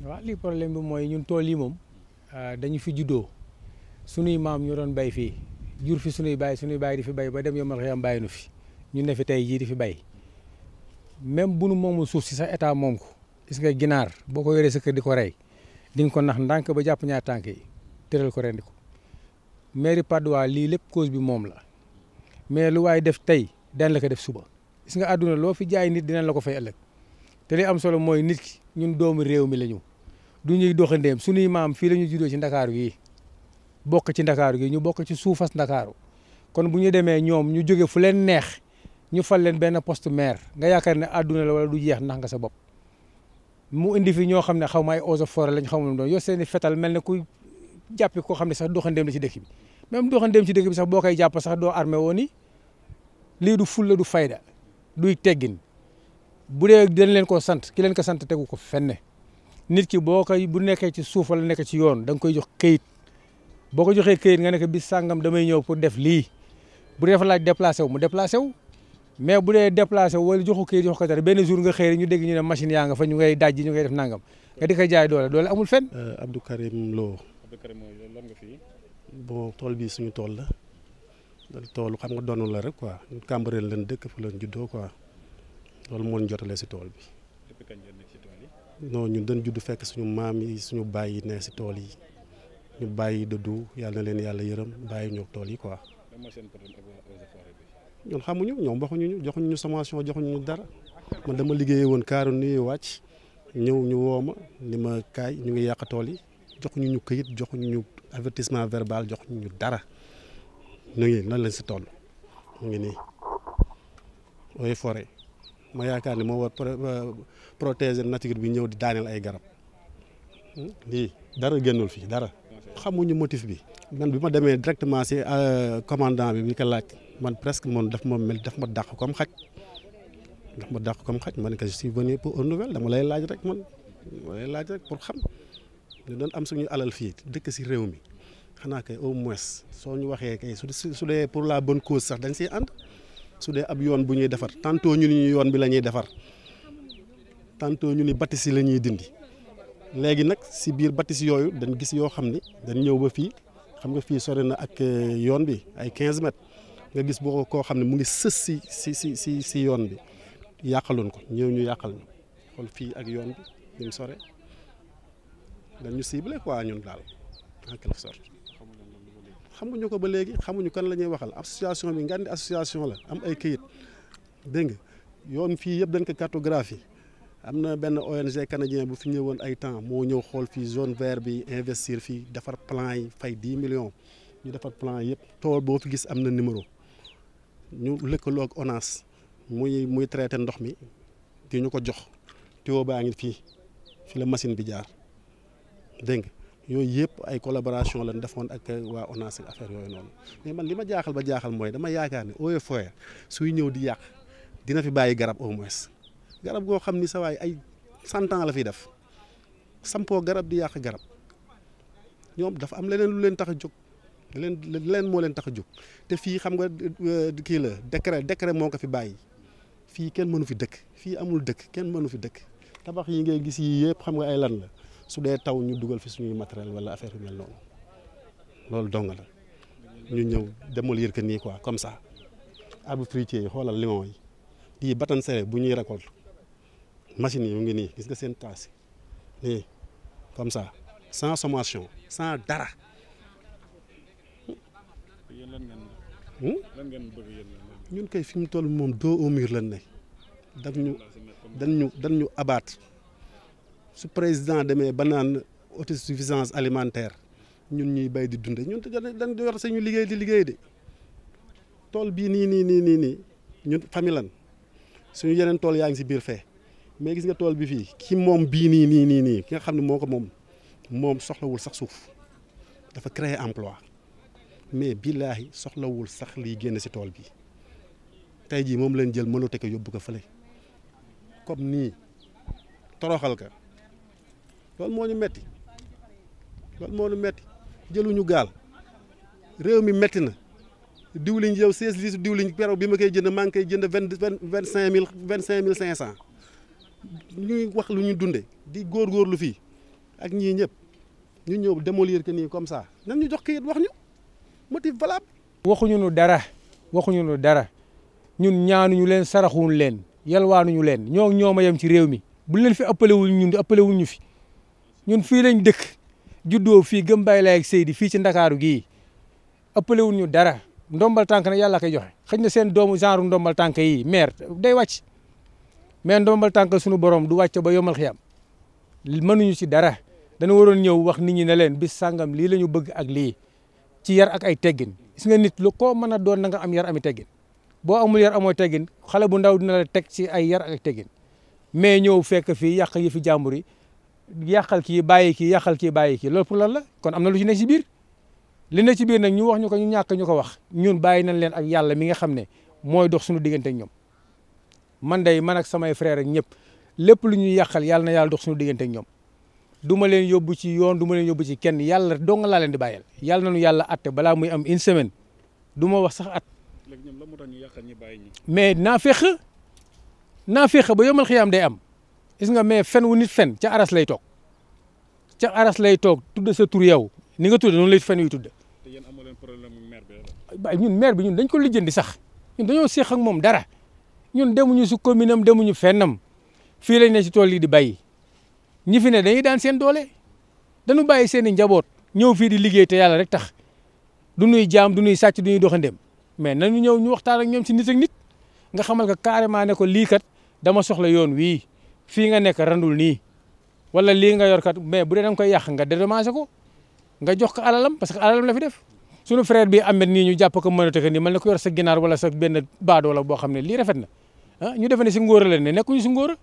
waaw lii problème bi mooy ñun tool yi moom ah, dañu fi juddoo sunuy maam ñoo doon bay fii jur fi sunuy baay sunuy baay di fi bay ba dem yomal xëyam bàyyi nu fi ñu ne fi tey jii di fi bay même bu nu moomul suuf si sax état moom ko gis nga ginaar boo ko yoree sa kër di ko rey di nga ko nax ndànk ba jàpp ñaar tànk yi tëral ko rendi ko mairie Patte lii lépp cause bi moom la mais lu waaye def tey daan la ko def suba gis nga àdduna loo fi jaay nit dinañ la ko fay ëllëg am solo mooy nit ki ñun doomu réew mi la ñu du ñuy doxandeem suñuy maam fii la ñu juddoo ci ndakaaru gi bokk ci ndakaaru gi ñu bokk ci suufas ndakaaru kon bu ñu demee ñoom ñu jóge fu leen neex ñu fal leen benn poste maire nga yaakaar ne àdduna la wala du jeex ndax sa bopp mu indi fi ñoo xam ne xaw ma ay eaux et forêt lañ xamul doon yor seen i fetal mel ne ku jàppi koo xam ne sax doxandeem la ci dëkk bi même doxandeem ci dëkk bi sax boo koy jàpp sax doo armé woon ni lii du fulla du fayda duy teggin bu dee dañ leen ko sant ki ko sant tegu ko fenn nit ki boo koy bu nekkee ci suuf wala nekk ci yoon da nga koy jox këyit boo ko joxee këyit nga nekk bis sàngam damay ñëw pour def lii bu dee dafa laaj déplacé wu mu déplacé wu mais bu dee déplacé wu joxu këyit jox ko dara benn jour nga xëy ñu dégg ñu ne machine yaa nga fa ñu ngay dajji ñu ngay def nangam nga di jaay doole doole amul fenn. Euh, Abdou Karim Lo. Abdou Karim lan nga fi. bon tool bii suñu tool la toolu xam nga doonu la rek quoi Cambérène lañ dëkk fu lañ juddoo quoi loolu moo ñu jotalee si tool bi. non ñun dañ judd fekk suñu maam yi suñu bàyyi yi ne si tool yi ñu bàyyi dëddu yàlla na leen yàlla yërëm bàyyi ñoo tool yi quoi. ñun xamuñu ñoom waxuñu ñu joxuñu ñu sommation joxuñu ñu dara man dama liggéeyee woon kaaru nii wàcc ñëw ñu woo ma ni ma kaay ñu ngi yàq tool yi joxuñu ñu këyit joxuñu ñu avertissement verbal jox ñu dara ñu ngi lan si tool mu ngi nii ooy forêt ma yaakaar ne moo war euh, protéger nature bi ñëw di daaneel ay garab hmm? lii dara génnul fii dara xamuñu motif bi man bi ma demee directement si euh, commandant bi bi ko laaj man presque moom daf ma mel ma dàq comme xaj daf ma dàq comme xaj man que je suis venu pour une nouvelle dama lay laaj rek man dama lay pour xam ñu doon am suñu alal fii dëkk si réew mi xanaa au moins soo ñu waxee kay su dee pour la bon cause sax dañ siy ànd su dee ab yoon bu ñuy defar tantôt ñu ni yoon bi lañuy defar tantôt ñu ni batisi la dindi léegi nag si biir si yooyu dañ gis yoo xam ni dañ ñëw ba fii xam nga fii sore na ak euh, yoon bi ay 15 mètres nga gis boo koo xam ne mu ngi sës si si si si si yoon bi yàqaloon ko ñëw ñu yàqal ñu xool fii ak yoon bi ñu sore dañu ñu ciblé quoi ñun daal en quelque sorte xamuñu ko ba léegi xamuñu kan la ñuy waxal association bi ngandi association la am ay këyit dégg nga yoon fii yëpp dañ ko cartographie am na benn ONG canadien bu fi ñëwoon ay temps moo ñëw xool fii zone verte bi investir fii defar plan yi fay 10 millions ñu defar plan yëpp tool boo fi gis am na numéro ñu lëkkaloo ak ONAS muy muy traité ndox mi di ñu ko jox tuyau baa ngi fii fi la machine bi jaar dégg nga yooyu yëpp ay collaboration la lañ defoon ak waa ONAS ak affaire yooyu noonu mais man li ma jaaxal ba jaaxal mooy dama yaakaar ne eaux et suy ñëw di yàq dina fi bàyyi garab au moins garab goo xam ni sa waaye ay cent ans la fiy def sampoo garab di yàq garab ñoom dafa am leneen lu leen tax a jóg leen leen moo leen tax a jóg te fii xam nga euh, kii la décret décret moo ko fi bàyyi fii kenn mënu fi dëkk fii amul dëkk kenn mënu fi dëkk tabax yi ngay gis yii yëpp xam ay lan la. su dee taw ñu dugal fi suñuy matériel wala affaire yu mel noonu loolu dong la ñu ñëw démolir que nii quoi comme ça arbre fruitier yi xoolal limon yi di batan serré bu ñuy récolte machines yi mu ngi nii gis nga seen taas yi nii comme ça sans sommation sans dara. Hmm? ñun kay fi mu toll moom doo au mur lan ne dañ ñu ñu dañ ñu abaat. su président demee ba naan autosuffisance alimentaire ñun ñuy bay di dunde ñun dañ yor sañu liggéey di liggéey de tool bii nii nii nii nii nii ñun famille lan suñu yeneen tool yaa ngi si biir fee mais gis nga tool bi fii ki moom bii nii nii nii nii ki nga xam ne moo ko moom moom soxlawul sax suuf dafa créer emploi mais billaahi soxlawul sax liy génn si tool bi tey jii moom leen jël mënute ko yóbbu ko fële comme nii toroxal ka loolu moo ñu metti loolu moo metti jëluñu gaal réew mi metti na diwliñ yow 16 litre diwliñ pero bi ma koy jënd maa ngi koy jënd vingt vingt cinq mille vingt cinq mille cinq cent ñuy wax lu ñu dunde di góor góorlu fii ak ñii ñëpp ñu ñëw démolir que nii comme ça nan ñu jox kayit wax ñu motif valable. waxuñu nu dara waxuñu nu dara ñun ñaanuñu leen saraxuñu leen yalwaanuñu leen ñoo ñoo yem ci réew mi bu leen fi ëppalewul ñun ëppalewul ñu fi. ñun fii lañ dëkk juddoo fii gëmbay bàyyi laay ak Seydi fii ci ndakaaru gi ëppale wuñ ñu dara ndombal tànk nag yàlla koy joxe xëy na seen doomu genre ndombal tànk yi maire day wàcc mais ndombal tànk suñu borom du wàcc ba yomal xiyam mënuñu ci dara dana waroon ñëw wax nit ñi ne leen bis sàngam lii la ñu bëgg ak lii ci yar ak ay teggin gis nga nit lu ko mën a doon na am yar ami teggin boo amul yar amooy teggin xale bu ndaw dina la teg ci ay yar a teggin mais ñëw fekk fii yàq yi fi jàmbur yi yàqal kii bàyyi kii yàqal kii bàyyi kii loolu pour lan la kon am na lu ci ne si biir li ne si biir nag ñu wax ñu ko ñu ñàkk ñu ko wax ñun bàyyi nañ leen ak yàlla mi nga xam ne mooy dox suñu diggante ñoom man day man ak samay frère ak ñëpp lépp lu ñuy yàqal yàlla na yàlla dox suñu diggante ñoom du ma leen yóbbu ci yoon du ma leen yóbbu ci kenn yàlla dong laa leen di bàyyal yàlla nañu yàlla atte balaa muy am une semaine du ma wax sax at mais naa fexe naa fexe ba yomal xiyaam day am gis nga mais fen wu nit fen ca aras lay toog ca aras lay toog tudd sa tur yow ni nga tudd noonu lay fen yu tudd. te yéen problème mu maire ñun maire bi ñun dañ ko lijjandi sax ñun dañoo seex ak moom dara ñun demuñu su commune am demuñu fennam fii lañ ne si tool yi di bàyyi ñi fi ne dañuy daan seen doole dañu bàyyi seen i njaboot ñëw fii di liggéey te yàlla rek tax du nuy jaam du nuy sàcc du ñuy doxandem mais nañu ñëw ñu waxtaan ak ñoom si nit ak nit nga xamal ka carrément ne ko lii dama soxla yoon wii. fii nga nekk randul nii wala lii nga yor kat mais bu dee da nga koy yàq nga dédommagé ko nga jox ko alalam parce que alalam la fi def. sunu frère bi Ahmed nii ñu jàpp ko mënatu ko nii man na ko yor sa ginaar wala sa benn baadoo la boo xam ne lii rafet na ah ñu defe si ngóor la ne si ngóor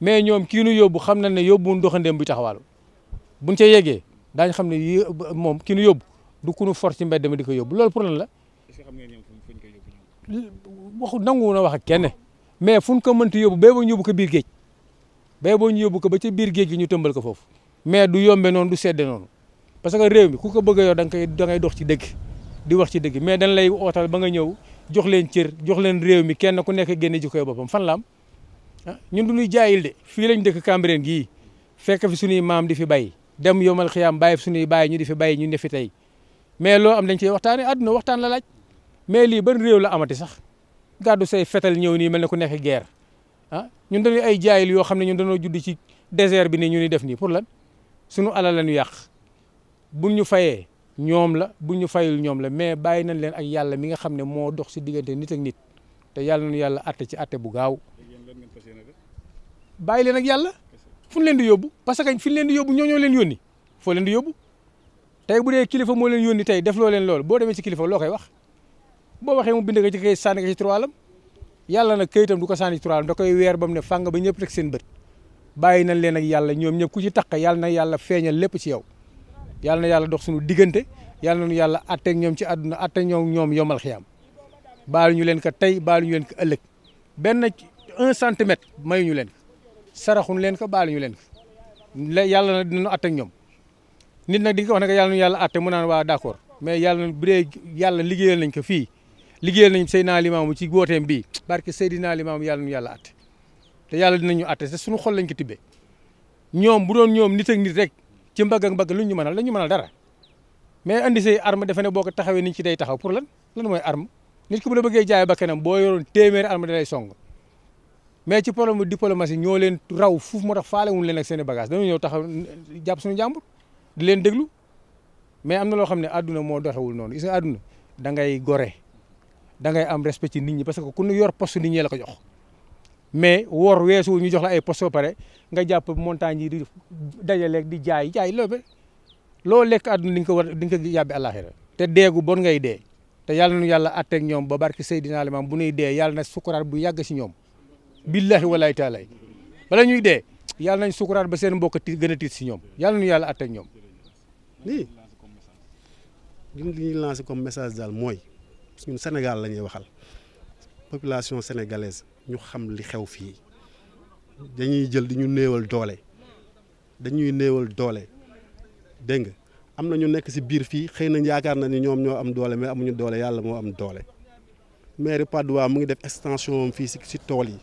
mais ñoom kii nu yóbbu xam nañ ne yóbbuwul doxandeem buy taxawaalu buñ ca yeggee daañu xam ne yii moom kii nu yóbbu du ku nu force ci mbedd mi di ko yóbbu loolu pour lan la. waxu nangu na wax ak kenn mais fu ñu ko mënti yóbbu bee ba ñu yóbbu ko biir géej. bay boo ñu yóbbu ko ba ca biir géej gi ñu tëmbal ko foofu mais du yombe noonu du sedde noonu parce que réew mi ku ko bëgg a yor da koy da ngay dox ci dëgg di wax ci dëgg mais dañ lay ootal ba nga ñëw jox leen cër jox leen réew mi kenn ku nekk génne ji koy boppam la ah ñun du ñuy fii lañ dëkk Cambérène gii fekk fi suñuy maam di fi bay dem yomal xiyaam am fi suñuy bàyyi ñu di fi bay ñu ne fi tey mais loo am dañ cey waxtaanee àdduna waxtaan la laaj mais lii ban réew la amati sax gàddu sey fetal ñëw nii mel ne ku nekk guerre ah ñun dañuy ay jaayil yoo xam ne ñun dañoo judd ci désert bi ne ñu ni def nii pour lan suñu alal la ñu yàq bu ñu fayee ñoom la bu ñu fayul ñoom la mais bàyyi nañ leen ak yàlla mi nga xam ne moo dox si diggante nit ak nit te yàlla nañu yàlla atte ci atte bu gaaw bàyyi leen ak yàlla fu ñu leen di yóbbu parce que fi ñu leen di yóbbu ñoo ñoo leen yónni foo leen di yóbbu tey bu dee kilifa moo leen yónni tey def loo leen loolu boo demee ci kilifa loo koy wax boo waxee mu bind nga ci kay sànni yàlla na këyitam du ko sànni turaal da koy weer ba mu ne fàng ba ñëpp teg seen bët bàyyi nañ leen ak yàlla ñoom ñëpp ku ci taq yàlla na yàlla feeñal lépp ci yow yàlla na yàlla dox suñu diggante yàlla yàlla atteeg ñoom ci àdduna atteeg ñoom ñoom yomal xiyaam baalu ñu leen ko tey baalu ñu leen ëllëg benn un centimètre leen ko leen ko baalu ñu leen ko yàlla na dinañu atteeg ñoom nit nag di ko wax ne yàlla na yàlla atte mu naan waa d'accord mais yàlla na liggéeyal nañ ko fii liggéeyal nañ Seydina Limaamu ci wooteem bii barke Seydina Limaamu yàlla nu yàlla atte te yàlla dinañu atte te suñu xol lañ ko tibbee ñoom bu doon ñoom nit ak nit rek ci mbagg ak mbagg lu ñu mënal la ñu mënal dara mais andi say arme defe ne boo ko taxawee niñ ci day taxaw pour lan lan mooy arme nit ki bu la bëggee jaay bakkanam boo yoroon téeméeri arme da lay song mais ci problème diplomatie ñoo leen raw fuuf moo tax faalewuñ leen ak seen i bagage dañu taxaw jàpp suñu jàmbur di leen déglu mais am na loo xam ne àdduna moo doxewul noonu gis nga da ngay gore da ngay am respect nit ñi parce que ku ñu yor poste nit ñi la ko jox mais wor weesu ñu jox la ay poste ba pare nga jàpp montagne yi di dajalee di jaay jaay loolu ba loo lekk àdduna di nga ko war di nga ko yàbbi àllaaxira te deegu bon ngay dee te yàlla nu yàlla atteeg ñoom ba barki Seydina Limam bu ñuy dee yàlla na sukuraat bu yàgg si ñoom billahi walaay taalay bala ñuy dee yàlla nañ sukuraat ba seen mbokk ti gën a tiit si ñoom yàlla nu yàlla atteeg ñoom li ñu comme message daal mooy ñun Sénégal lañuy waxal population sénégalaise ñu xam li xew fii dañuy jël di ñu néewal doole dañuy néewal doole dégg nga am na ñu nekk ci biir fii xëy nañ yaakaar na ni ñoom ñoo am doole mais amuñu doole yàlla moo am doole mairie Patte d'Oie mu ngi def extension fii ci ci tool yi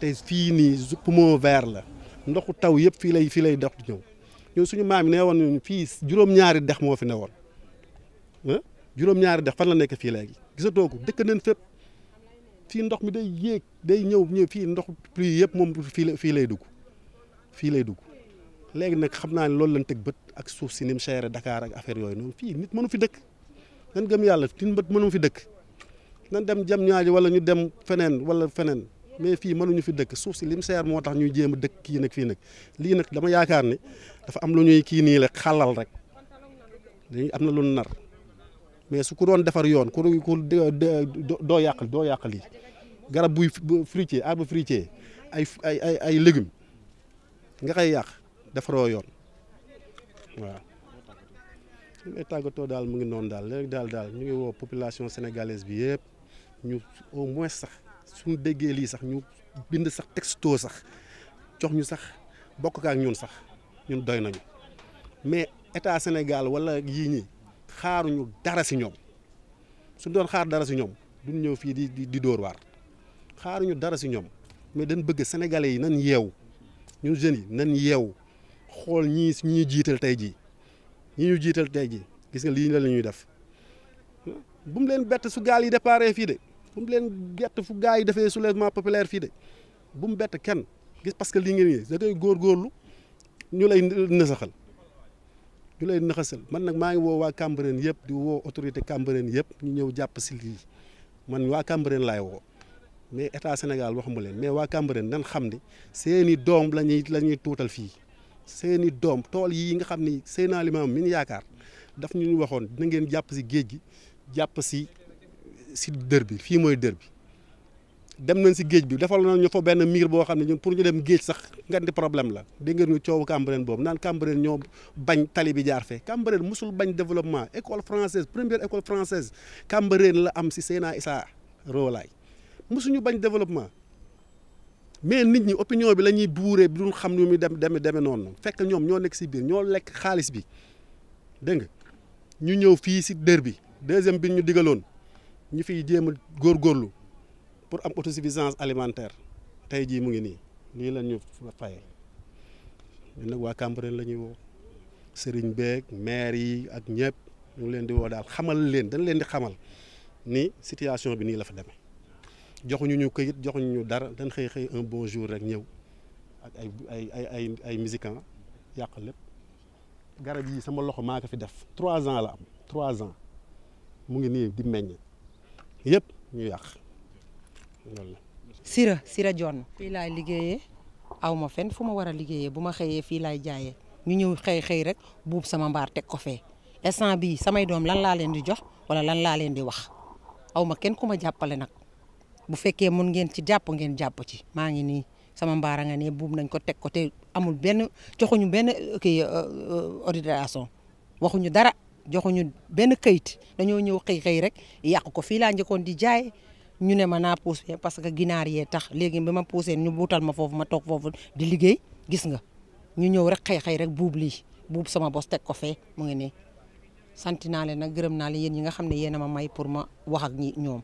te fii nii poumon vert la ndoxu taw yëpp fii lay fii lay dox ñëw ñun suñu maam yi ne woon fii juróom-ñaari dex moo fi ne woon juróom-ñaari dex fan la nekk fii léegi gisatoo ko dëkk nañ fépp fii ndox mi day yéeg day ñëw ñëw fii ndox pluie yëpp moom fii la fii lay dugg fii lay dugg léegi nag xam naa ne loolu lañ teg bët ak suuf si ni mu seere Dakar ak affaire yooyu noonu fii nit mënu fi dëkk nan gëm yàlla tin bët mënu fi dëkk nan dem jam ñaaji wala ñu dem feneen wala feneen mais fii mënuñu fi dëkk suuf si li mu seer moo tax ñuy jéem a dëkk kii nag fii nag lii nag dama yaakaar ni dafa am lu ñuy kii nii rek xalal rek dañuy am na lu nar mais su ko doon defar yoon ku ku doo yàq doo yàq lii garab buy fruitier arbre fruitier ay ay ay ay légumes nga koy yàq defaroo yoon waaw. mais tàggatoo daal mu ngi noonu daal léegi daal daal ñu ngi woo population sénégalaise bi yëpp ñu au moins sax suñu déggee lii sax ñu bind sax texto sax jox ñu sax bokk ak ñun sax ñun doy nañu mais état Sénégal walla yii ñi xaaruñu dara si ñoom suñ doon xaar dara si ñoom duñ ñëw fii di di dóor waar xaaruñu dara si ñoom mais dañ bëgg sénégalais yi nañ yeew ñun jeunes yi nañ yeew xool ñii ñi ñu jiital tey jii ñu ñu jiital tey jii gis nga lii la la ñuy def bu mu leen bett su gaal yi déparé fii de bu mu leen bett fu gaal yi defee soulèvement populaire fii de bu mu bett kenn gis parce que lii ngeen gis da góor góorgóorlu ñu lay nësaxal ñu leen naxasal man nag maa ngi woo waa Cambérène yëpp di woo autorité Cambérène yëpp ñu ñëw jàpp si lii man waa Cambérène lay woo mais état Sénégal waxuma leen mais waa Cambérène nan xam ne seeni doom la ñuy la tuutal fii seeni doom tool yi nga xam ni seen aliment min yaakaar daf ñu waxoon dina ngeen jàpp si géej gi jàpp si si dër bi fii mooy dër bi dem nañ si géej bi defal nañ ñu fa benn miir boo xam ne ñun pour ñu dem géej sax nga di problème la dégg ngeen ñu coowu Cambérène boobu naan Cambérène ñoo bañ tali bi jaar fee Cambérène musul bañ développement école française première école française Cambérène la am si Seyna Issa Roolaay musuñu bañ développement mais nit ñi opinion bi la ñuy buuree bi duñ xam ñu muy dem deme deme noonu fekk ñoom ñoo nekk si biir ñoo lekk xaalis bi dégg nga ñu ñëw fii si dër bi deuxième bi ñu digaloon ñu fiy jéem a góorgóorlu pour am autosuffisance alimentaire tey jii mu ngi nii lii la ñu fay ñun nag waa Cambérène la ñuy woo sëriñ beeg maire yi ak ñëpp ñu ngi leen di woo daal xamal leen dañ leen di xamal ni situation bi nii la fa demee joxuñu ñu këyit joxuñu ñu dara dañ xëy xëy un bon jour rek ñëw ak ay ay ay ay ay musicien yàq lépp garab yi sama loxo maa ko fi def trois ans la am trois ans mu ngi nii di meññ yëpp ñu yàq. sira sira jonn fii laay liggéeyee aw ma fenn fu ma war a liggéeyee bu ma xëyee fii laay jaayee ñu ñëw xëy xëy rek buub sama mbaar teg ko fee instant bii samay doom lan laa leen di jox wala lan laa leen di wax aw ma kenn ku ma jàppale nag bu fekkee mun ngeen ci jàpp ngeen jàpp ci maa ngi nii sama mbaara nga ne buub nañ ko teg ko te amul benn joxuñu benn euh, kii euh, euh, autorisation waxuñu dara joxuñu benn kayit dañoo ñëw xëy xëy rek yàq ko fii laa njëkkoon di jaay ñu ne ma naa pousse parce que ginaar yee tax léegi bi ma poussé ñu buutal ma foofu ma toog foofu di liggéey gis nga ñu ñëw rek xëy xëy rek buub lii buub sama bos teg ko fee mu ngi ne sant naa leen nag gërëm naa leen yéen ñi xam ne yéen a ma may pour ma wax ak ñi ñoom.